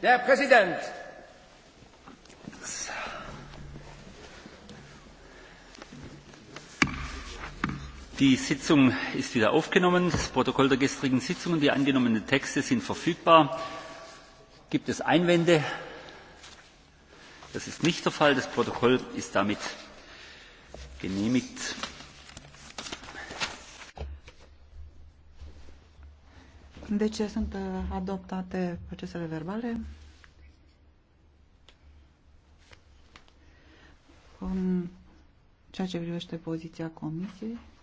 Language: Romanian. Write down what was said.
Der Präsident! Die Sitzung ist wieder aufgenommen. Das Protokoll der gestrigen Sitzung und die angenommenen Texte sind verfügbar. Gibt es Einwände? Das ist nicht der Fall. Das Protokoll ist damit genehmigt. De ce sunt uh, adoptate procesele verbale? ceea ce privește poziția Comisiei,